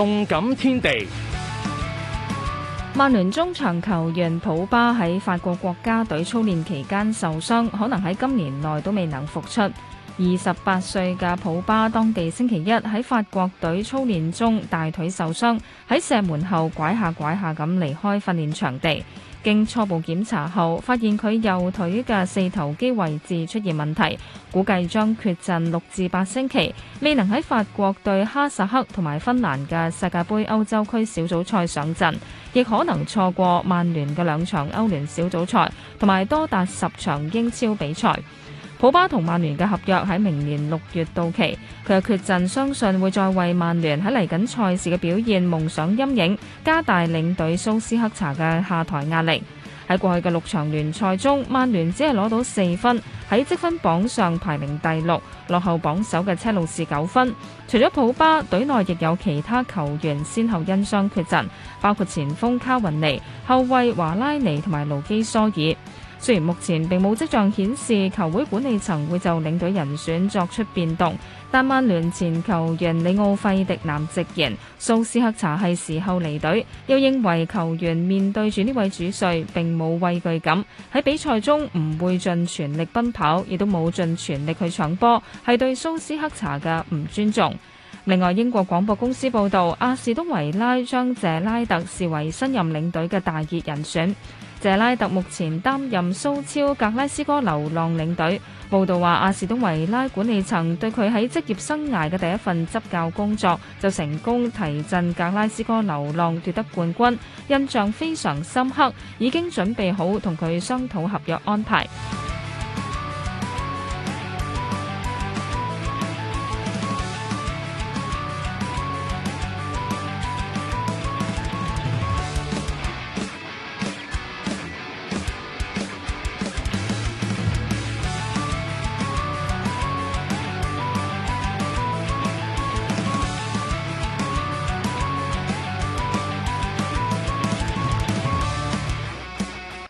動感天地。曼聯中場球員普巴喺法國國家隊操練期間受傷，可能喺今年內都未能復出。二十八歲嘅普巴當地星期一喺法國隊操練中大腿受傷，喺射門後拐下拐下咁離開訓練場地。經初步檢查後，發現佢右腿嘅四頭肌位置出現問題，估計將缺陣六至八星期，未能喺法國對哈薩克同埋芬蘭嘅世界盃歐洲區小組賽上陣，亦可能錯過曼聯嘅兩場歐聯小組賽同埋多達十場英超比賽。普巴同曼聯嘅合約喺明年六月到期，佢嘅缺陣，相信會再為曼聯喺嚟緊賽事嘅表現蒙上陰影，加大領隊蘇斯克查嘅下台壓力。喺過去嘅六場聯賽中，曼聯只係攞到四分，喺積分榜上排名第六，落後榜首嘅車路士九分。除咗普巴，隊內亦有其他球員先後因傷缺陣，包括前鋒卡雲尼、後衛華拉尼同埋盧基蘇爾。雖然目前並冇跡象顯示球會管理層會就領隊人選作出變動，但曼聯前球員李奧費迪南直言，蘇斯克查係時候離隊，又認為球員面對住呢位主帥並冇畏懼感，喺比賽中唔會盡全力奔跑，亦都冇盡全力去搶波，係對蘇斯克查嘅唔尊重。另外，英國廣播公司報道，阿士東維拉將謝拉特視為新任領隊嘅大熱人選。謝拉特目前擔任蘇超格拉斯哥流浪領隊，報道話阿士東維拉管理層對佢喺職業生涯嘅第一份執教工作就成功提振格拉斯哥流浪奪得冠軍，印象非常深刻，已經準備好同佢商討合約安排。